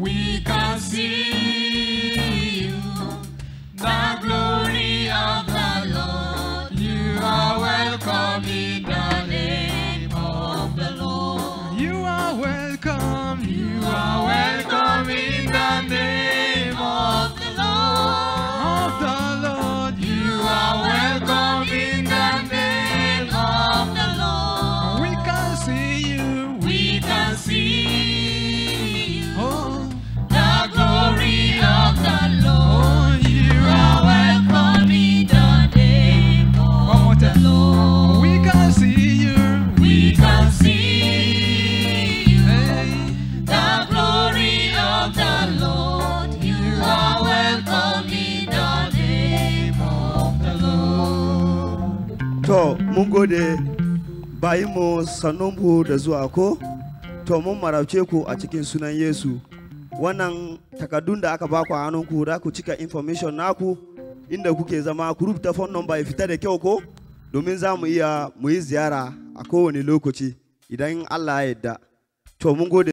we can see. to mun gode bayinmu sannunmu da zuwa ko to mun marauce ku a cikin sunan yesu wannan takardun da aka ba ku a hannunku za ku cika information naku inda kuke zama ku rubuta phone number ya fita da kyau ko domin za mu iya mu yi ziyara a kowane lokaci idan allah ya yarda to mun gode